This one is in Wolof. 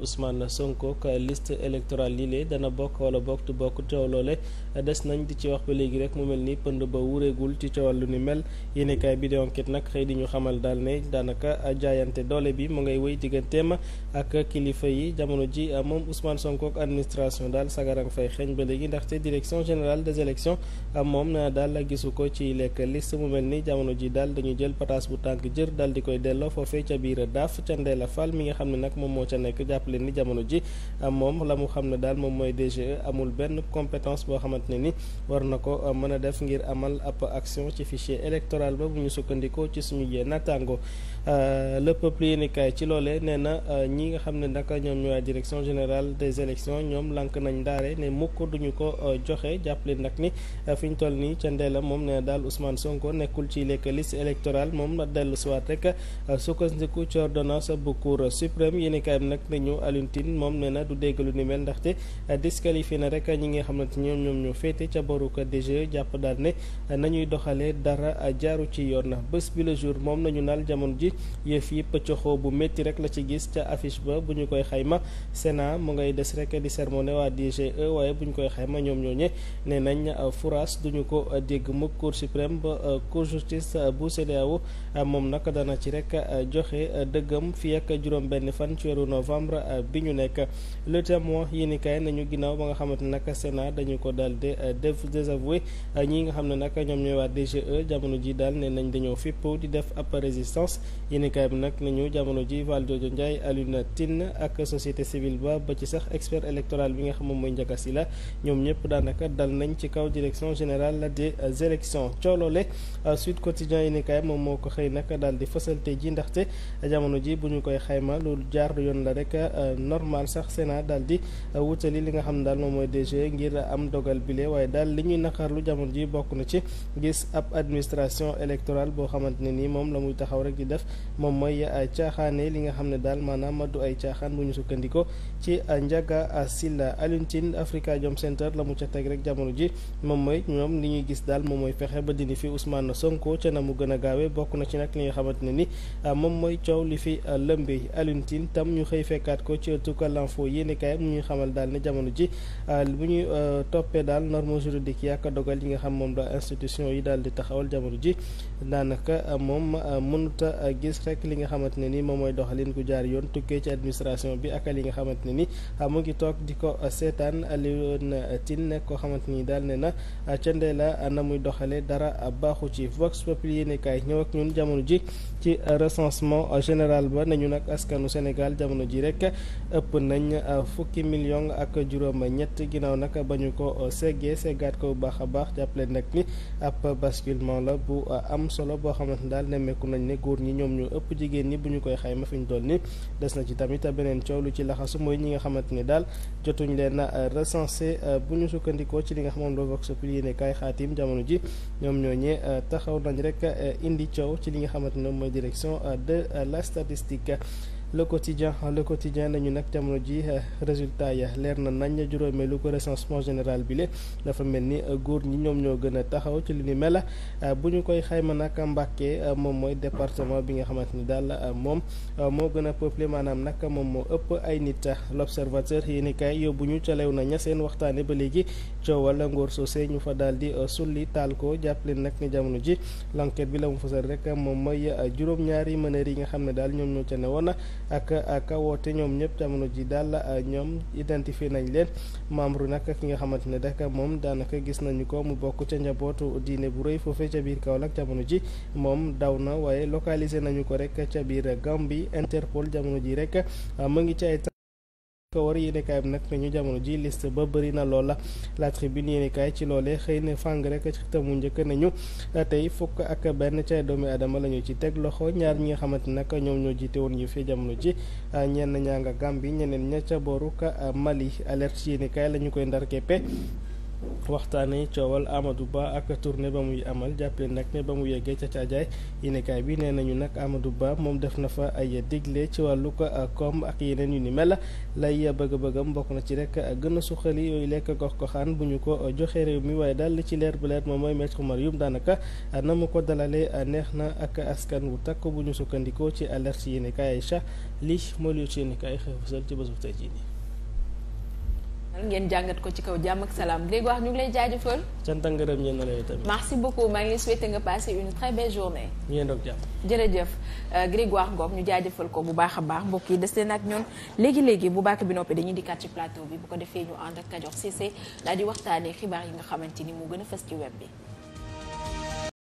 Ousmane Sonko ak liste électorale lii dana bokk wala bokk tu bokk coow loole des nañ di ci wax ba léegi rek mu mel ni pënd ba wureegul ci coowal lu ni mel yéenekaay bi di enquête nag di ñu xamal daal ne daanaka jaayante doole bi mu ngay wéy digganteem ak kilifa yi jamono ji moom Ousmane Sonko ak administration daal sagarang fay xeeñ ba léegi ndaxte direction générale des élections moom na daal gisu ko ci lekk liste mu mel ni jamono ji daal dañu jël pataas bu tànk jër daal di koy delloo foofee ca biir daaf ca Ndella Fall mi nga xam ne nag moom moo ca nekk leen ni jamono ji moom la mu xam ne daal moom mooy DGE amul benn compétence boo xamante ne ni war na ko mën a def ngir amal ab action ci fichier électoral ba bu ñu sukkandikoo ci suñu jee nattaango euh, le peuple yéenekaay ci loolee nee na ñi nga xam ne naka ñoom ñooy direction générale des élections ñoom lank nañ ndaare ne mukk duñu ko euh, joxe jàppale nag ni euh, fi ñu toll nii ca ndee la moom na daal Ousmane Sonko nekkul ci lekk liste électorale moom dellu sukkandiku ci bu Cour suprême yéenekaay bi nag nañu Alioune Tine moom nee na du dégg lu ni mel ndaxte disqualifié na rek ñi nga xamante ñoom ñoom ñoo féete ca boruka DG jàpp daal ne nañuy doxalee dara jaaru ci yoon bés bi le jour moom nañu naal jamono ji yëf yi pëccëxoo bu metti rek la ci gis ca affiche ba bu ñu koy xayma Sénat mu ngay des rek di sermoné waa DGE waaye bu ñu koy xayma ñoom ñooñe nee nañ fouras duñu ko dégg mukk Cour suprême ba euh, Cour justice bu CEDEAO moom naka dana ci rek joxe dëggam fii ak juróom fan ci weeru Euh, bi ñu nekk le témoin yéen i kaay nañu ginnaaw ba nga xamante nag Sénat dañu ko daal di euh, désavoué euh, ñi nga xam ne nag ñoom ñooy waa DGE jamono ji daal ne nañ dañoo fipp di def appar résistance yéen i kaay bi nag nañu jamono ji Valdiodio Ndiaye Alioune Tine ak société civile ba ba ci sax expert électoral bi nga xam moom mooy Ndiaga Sylla ñoom ñëpp daanaka dal nañ ci kaw direction générale de élections cooloole Sud Quotidien yéen i kaay moom moo ko xëy nag daal di fësal tey ji ndaxte ji Euh, normal sax Sénat daal di euh, wutali li nga xam ne daal moom mooy DG ngir am dogal bile waaye daal li ñuy naqarlu jamono ji bokk na ci gis ab administration électorale boo xamante ne nii moom la muy taxaw rek di def moom mooy euh, caaxaane li nga xam ne daal maanaam du ay caaxaan bu ñu sukkandikoo ci Ndiaga Sylla Alioune Tine Afrikajom la mu ca teg rek jamono ji moom mooy ñoom li ñuy gis daal moom mooy fexe ba dindi fi na Sonko ca na mu gën a gaawee bokk na ci nag li nga xamante ne ni moom mooy coow li fi lëmbe Alioune tam ñu xëy fekkaat jàngat ko ci tukkal l'info mu ñuy xamal daal ne jamono ji euh, bu ñuy euh, toppee daal norme juridique yi ak dogal yi nga xam moom la institution yi daal di taxawal jamono ji daanaka euh, moom mënuta gis rek li nga xamante ne ni moom mooy doxalin gu jaar yoon tukkee ci administration bi li nga xamante ne ni mu ngi toog di ko seetaan Alioune Tine nekk koo xamante ni daal ne na ca ndee na muy doxale dara baaxu ci Vox Populi yéeni kaay ñëw ak ñun jamono ji ci recensement général ba nañu nag askanu Sénégal jamono ji rek ëpp nañ euh, fukki million ak juróom ñett ginnaaw nag ba ñu ko euh, seggee seggaat ko bu baax a baax jàppale nag ni ab basculement la bu euh, am solo boo xamante daal nemmeeku nañ ne góor ñi ñoom ñu ëpp jigéen ñi bu ñu koy xayma fi ñu doon ni des na ci tamit beneen coow lu ci laxasu mooy ñi nga xamante ni daal jotuñ leen a recensé bu ñu sukkandikoo ci li nga xamante ne Vox Populi yéene kaay xaatim jamono ji ñoom ñooñee taxaw nañ rek indi coow ci li nga xamante ne mooy direction de la statistique le quotidien le quotidien nañu nag jamono ji eh, résultat ya leer na nañ juróomeelu ko recensement général bi le dafa mel ni eh, góor ñi ñoom ñoo gën a taxaw ci li ni mela eh, bu ñu koy xayma nag Mbàkke moom mooy département bi nga xamante ni daal moom moo gën a peuplé maanaam nag moom moo ëpp ay nit l'observateur yéen i kaay yóbbu ñu ca na ña seen waxtaane ba léegi coowal ngóor see ñu fa daal di sulli taal ko jàppale nag ni jamono ji l'enquête bi la mu fësal rek moom mooy juróom-ñaari mëneer yi nga xam ne daal ñoom ñoo ca newoon ak ak woote ñoom ñëpp jamono ji daal euh, ñoom identifié nañ leen membre nag ki nga xamante ne rek moom daanaka gis nañu ko mu bokk ca njabootu diine bu rëy foofee ca biir Kaolack jamono ji moom daw na waaye localisé nañu ko rek ca biir Gambie Interpol jamono ji rek euh, mu ngi ci ay ko war yéene bi nag ne ñu jamono ji liste ba bëri na loola la tribune yéene kaay ci loole xëy na fàng rek ci xitamu njëkk nañu tey fukk ak benn cay doomi aadama la ñu ci teg loxo ñaar ñi nga xamante nag ñoom ñoo jiite woon ñu fi jamono ji ñenn ñaa nga bi ñeneen ña ca boru ka Mali alerte yéene kaay la ñu koy ndarkeppe waxtaanee coowal amadu Ba ak ne ba muy amal jàppale nag ne ba mu yeggee ca caajaay yéenekaay bi nee nañu nag amadu Ba moom def na fa ay digle ci wàllu ko euh, koom ak yeneen yu ni mel lay bëgg-bëggam mbokk na ci rek euh, gën a suqali yooyu lekk gox-goxaan bu ñu ko euh, joxe réew mi waaye daal li ci leer bu leer moom mooy maître Oumar Youm daanaka na mu ko dalalee neex na ak askan wu takk bu ñu sukkandikoo ci alerte yéenekaay Aïcha li moo lu ci yéenekaay xëy ci bésub tey jii ngeen jàngat ko ci kaw jàmm ak salaam léegi wax ñu ngi lay jaajëfal. sant ak ngërëm ñeen na lay tamit. merci beaucoup maa ngi nga passé une très belle journée. ngeen doog jàmm. jërëjëf euh, Grégoire Ngom ñu jaajëfal ko bu baax a baax mbokk yi des leen ak ñun léegi léegi bu baax bi noppee dañuy dikkaat ci plateau bi bu ko defee ñu ànd ak Kajoor Cissé daal di waxtaanee xibaar yi nga xamante ni mu gën a fës ci web bi.